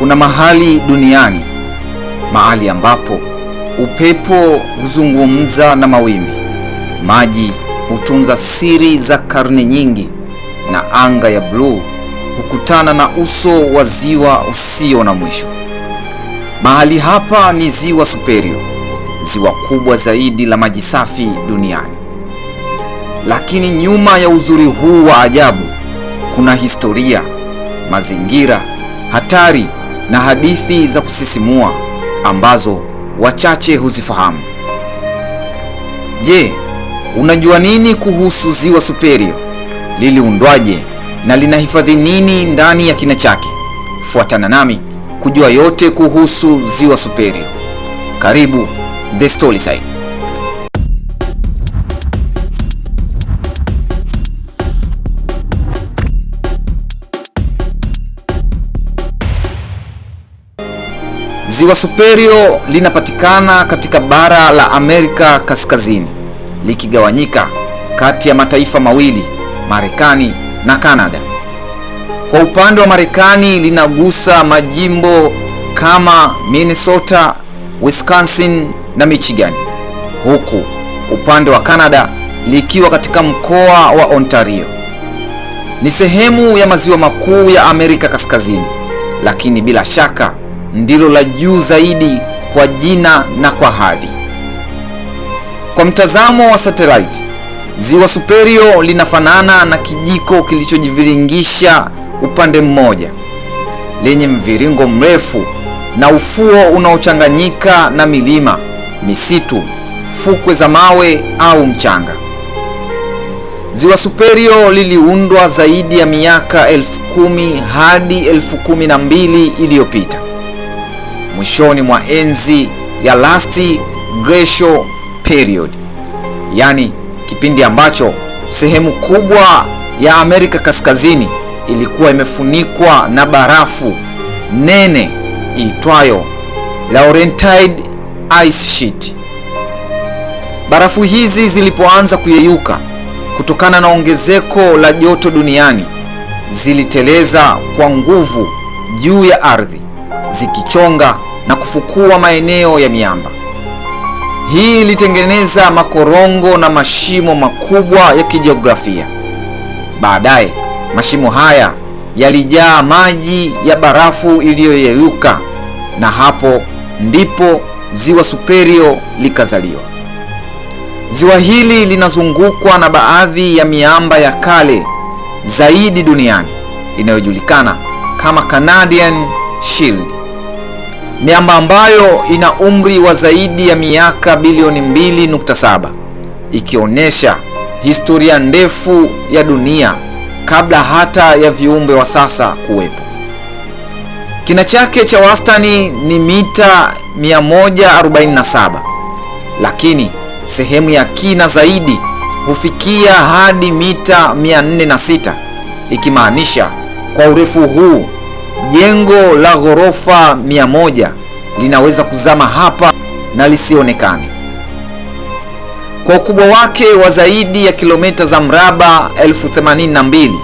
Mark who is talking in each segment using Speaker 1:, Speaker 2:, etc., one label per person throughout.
Speaker 1: Kuna mahali duniani, mahali ambapo upepo huzungumza na mawimbi, maji hutunza siri za karne nyingi, na anga ya bluu hukutana na uso wa ziwa usio na mwisho. Mahali hapa ni ziwa Superior, ziwa kubwa zaidi la maji safi duniani. Lakini nyuma ya uzuri huu wa ajabu kuna historia, mazingira, hatari na hadithi za kusisimua ambazo wachache huzifahamu. Je, unajua nini kuhusu Ziwa Superior? Liliundwaje na linahifadhi nini ndani ya kina chake? Fuatana nami kujua yote kuhusu Ziwa Superior. Karibu The Side. Ziwa Superior linapatikana katika bara la Amerika Kaskazini likigawanyika kati ya mataifa mawili, Marekani na Kanada. Kwa upande wa Marekani linagusa majimbo kama Minnesota, Wisconsin na Michigan, huku upande wa Kanada likiwa katika mkoa wa Ontario. Ni sehemu ya maziwa makuu ya Amerika Kaskazini, lakini bila shaka ndilo la juu zaidi kwa jina na kwa hadhi. Kwa mtazamo wa satellite, ziwa Superior linafanana na kijiko kilichojiviringisha upande mmoja, lenye mviringo mrefu na ufuo unaochanganyika na milima, misitu, fukwe za mawe au mchanga. Ziwa Superior liliundwa zaidi ya miaka elfu kumi hadi elfu kumi na mbili iliyopita mwishoni mwa enzi ya last glacial period, yaani kipindi ambacho sehemu kubwa ya Amerika Kaskazini ilikuwa imefunikwa na barafu nene iitwayo Laurentide ice sheet. Barafu hizi zilipoanza kuyeyuka kutokana na ongezeko la joto duniani, ziliteleza kwa nguvu juu ya ardhi zikichonga na kufukua maeneo ya miamba. Hii ilitengeneza makorongo na mashimo makubwa ya kijiografia. Baadaye mashimo haya yalijaa maji ya barafu iliyoyeyuka, na hapo ndipo ziwa Superio likazaliwa. Ziwa hili linazungukwa na baadhi ya miamba ya kale zaidi duniani inayojulikana kama Canadian Shield miamba ambayo ina umri wa zaidi ya miaka bilioni 2.7 ikionyesha historia ndefu ya dunia kabla hata ya viumbe wa sasa kuwepo. Kina chake cha wastani ni mita 147, lakini sehemu ya kina zaidi hufikia hadi mita 406, ikimaanisha kwa urefu huu jengo la ghorofa mia moja linaweza kuzama hapa na lisionekane kwa ukubwa wake wa zaidi ya kilomita za mraba elfu themanini na mbili.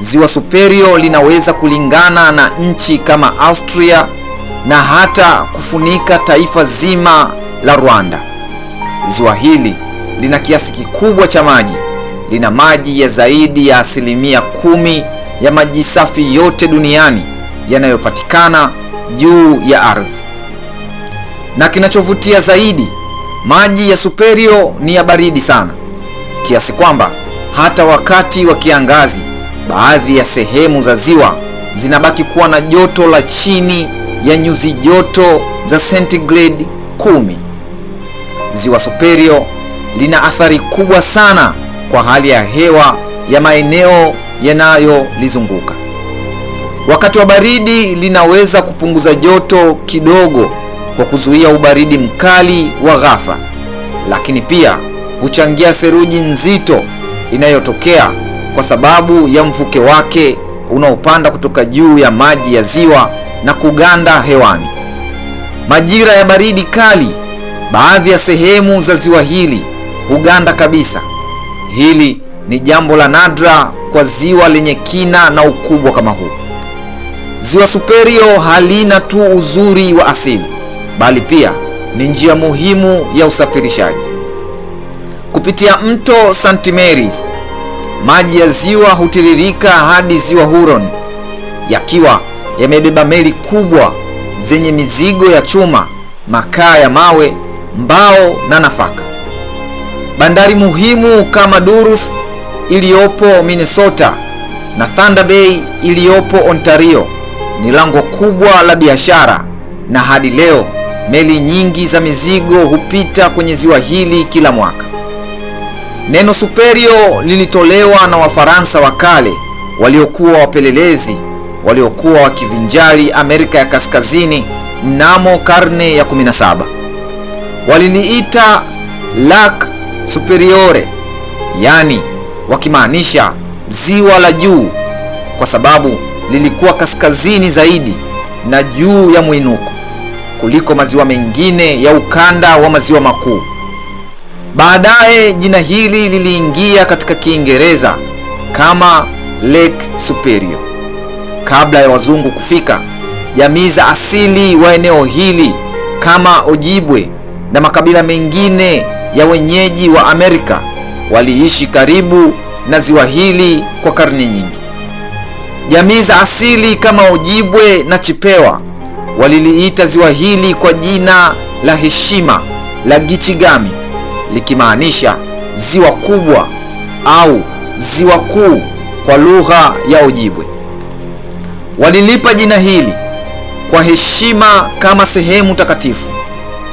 Speaker 1: Ziwa Superior linaweza kulingana na nchi kama Austria na hata kufunika taifa zima la Rwanda. Ziwa hili lina kiasi kikubwa cha maji, lina maji ya zaidi ya asilimia kumi ya maji safi yote duniani yanayopatikana juu ya ardhi. Na kinachovutia zaidi, maji ya Superio ni ya baridi sana kiasi kwamba hata wakati wa kiangazi baadhi ya sehemu za ziwa zinabaki kuwa na joto la chini ya nyuzi joto za sentigredi kumi. Ziwa Superio lina athari kubwa sana kwa hali ya hewa ya maeneo yanayolizunguka. Wakati wa baridi linaweza kupunguza joto kidogo kwa kuzuia ubaridi mkali wa ghafla, lakini pia huchangia theluji nzito inayotokea kwa sababu ya mvuke wake unaopanda kutoka juu ya maji ya ziwa na kuganda hewani. Majira ya baridi kali, baadhi ya sehemu za ziwa hili huganda kabisa. Hili ni jambo la nadra kwa ziwa lenye kina na ukubwa kama huu. Ziwa Superio halina tu uzuri wa asili, bali pia ni njia muhimu ya usafirishaji. Kupitia mto St. Mary's, maji ya ziwa hutiririka hadi ziwa Huron, yakiwa yamebeba meli kubwa zenye mizigo ya chuma, makaa ya mawe, mbao na nafaka. Bandari muhimu kama Duluth iliyopo Minnesota na Thunder Bay iliyopo Ontario ni lango kubwa la biashara, na hadi leo meli nyingi za mizigo hupita kwenye ziwa hili kila mwaka. Neno superio lilitolewa na Wafaransa wa kale waliokuwa wapelelezi waliokuwa wakivinjari Amerika ya Kaskazini mnamo karne ya 17. Waliliita Lac Superiore, yani wakimaanisha ziwa la juu, kwa sababu lilikuwa kaskazini zaidi na juu ya mwinuko kuliko maziwa mengine ya ukanda wa maziwa makuu. Baadaye jina hili liliingia katika Kiingereza kama Lake Superior. Kabla ya wazungu kufika, jamii za asili wa eneo hili kama Ojibwe na makabila mengine ya wenyeji wa Amerika waliishi karibu na ziwa hili kwa karne nyingi. Jamii za asili kama Ojibwe na Chipewa waliliita ziwa hili kwa jina la heshima la Gichigami, likimaanisha ziwa kubwa au ziwa kuu kwa lugha ya Ojibwe. Walilipa jina hili kwa heshima kama sehemu takatifu.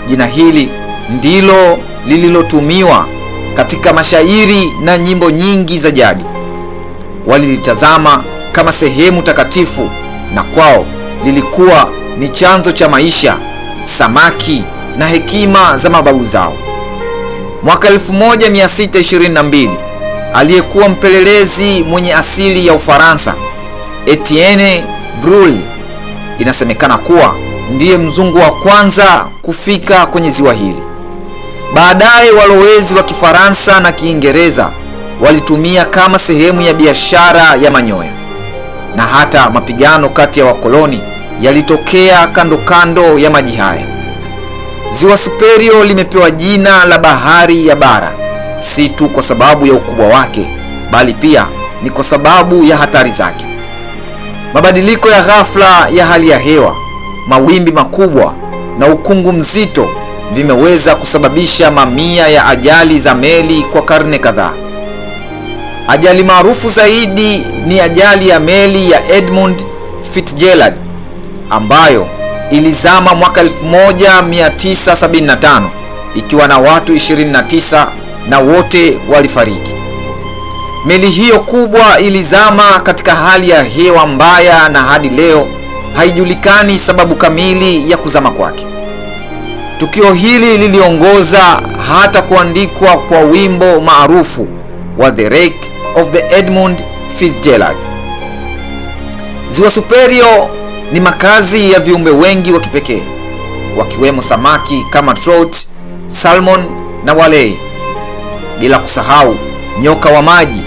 Speaker 1: Jina hili ndilo lililotumiwa katika mashairi na nyimbo nyingi za jadi. Walilitazama kama sehemu takatifu, na kwao lilikuwa ni chanzo cha maisha, samaki na hekima za mababu zao. Mwaka 1622 aliyekuwa mpelelezi mwenye asili ya Ufaransa Etienne Brule, inasemekana kuwa ndiye mzungu wa kwanza kufika kwenye ziwa hili. Baadaye walowezi wa Kifaransa na Kiingereza walitumia kama sehemu ya biashara ya manyoya na hata mapigano kati ya wakoloni yalitokea kando kando ya maji haya. Ziwa Superio limepewa jina la bahari ya bara, si tu kwa sababu ya ukubwa wake, bali pia ni kwa sababu ya hatari zake. Mabadiliko ya ghafla ya hali ya hewa, mawimbi makubwa na ukungu mzito vimeweza kusababisha mamia ya ajali za meli kwa karne kadhaa. Ajali maarufu zaidi ni ajali ya meli ya Edmund Fitzgerald ambayo ilizama mwaka 1975 ikiwa na watu 29 na wote walifariki. Meli hiyo kubwa ilizama katika hali ya hewa mbaya na hadi leo haijulikani sababu kamili ya kuzama kwake. Tukio hili liliongoza hata kuandikwa kwa wimbo maarufu wa The Wreck of the Edmund Fitzgerald. Ziwa Superior ni makazi ya viumbe wengi wa kipekee wakiwemo samaki kama trout, salmon na walei, bila kusahau nyoka wa maji,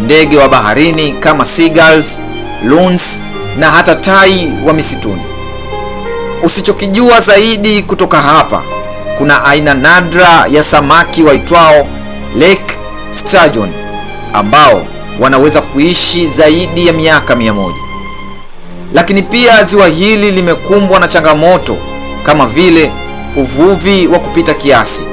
Speaker 1: ndege wa baharini kama seagulls, loons na hata tai wa misituni. Usichokijua zaidi kutoka hapa, kuna aina nadra ya samaki waitwao lake sturgeon ambao wanaweza kuishi zaidi ya miaka mia moja. Lakini pia ziwa hili limekumbwa na changamoto kama vile uvuvi wa kupita kiasi,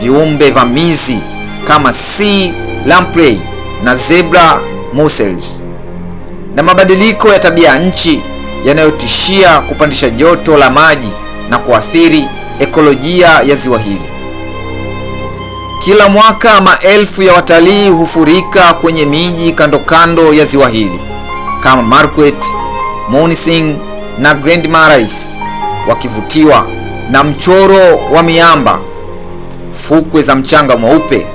Speaker 1: viumbe vamizi kama sea lamprey na zebra mussels, na mabadiliko ya tabia nchi yanayotishia kupandisha joto la maji na kuathiri ekolojia ya ziwa hili. Kila mwaka maelfu ya watalii hufurika kwenye miji kando kando ya ziwa hili kama Marquet, Munising na Grand Marais, wakivutiwa na mchoro wa miamba, fukwe za mchanga mweupe,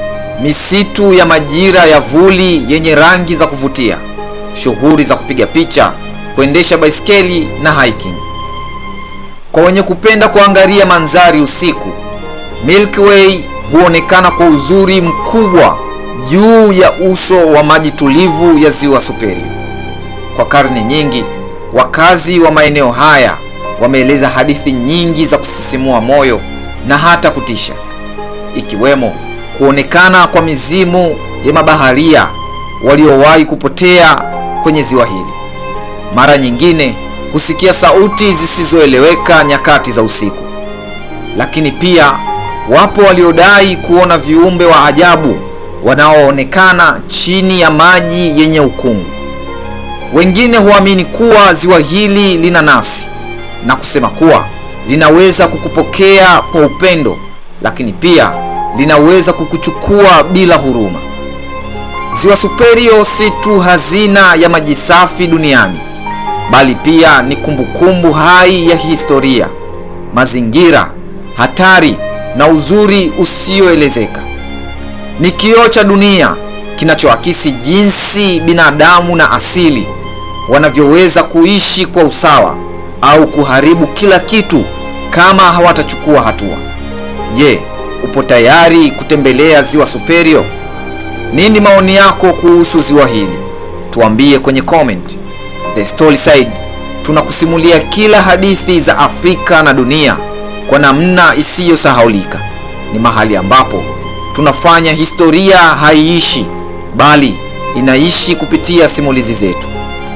Speaker 1: misitu ya majira ya vuli yenye rangi za kuvutia, shughuli za kupiga picha, kuendesha baiskeli na hiking. Kwa wenye kupenda kuangalia mandhari usiku, Milky Way huonekana kwa uzuri mkubwa juu ya uso wa maji tulivu ya ziwa Superi. Kwa karne nyingi, wakazi wa maeneo haya wameeleza hadithi nyingi za kusisimua moyo na hata kutisha, ikiwemo kuonekana kwa mizimu ya mabaharia waliowahi kupotea kwenye ziwa hili. Mara nyingine husikia sauti zisizoeleweka nyakati za usiku, lakini pia Wapo waliodai kuona viumbe wa ajabu wanaoonekana chini ya maji yenye ukungu. Wengine huamini kuwa ziwa hili lina nafsi na kusema kuwa linaweza kukupokea kwa upendo, lakini pia linaweza kukuchukua bila huruma. Ziwa Superio si tu hazina ya maji safi duniani, bali pia ni kumbukumbu hai ya historia, mazingira, hatari na uzuri usioelezeka. Ni kioo cha dunia kinachoakisi jinsi binadamu na asili wanavyoweza kuishi kwa usawa au kuharibu kila kitu kama hawatachukua hatua. Je, upo tayari kutembelea ziwa Superior? Nini maoni yako kuhusu ziwa hili? Tuambie kwenye comment. The Side tunakusimulia kila hadithi za Afrika na dunia kwa namna isiyosahaulika. Ni mahali ambapo tunafanya historia haiishi, bali inaishi kupitia simulizi zetu.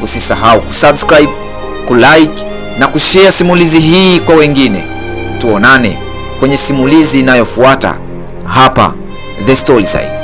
Speaker 1: Usisahau kusubscribe, kulike na kushare simulizi hii kwa wengine. Tuonane kwenye simulizi inayofuata hapa The Storyside.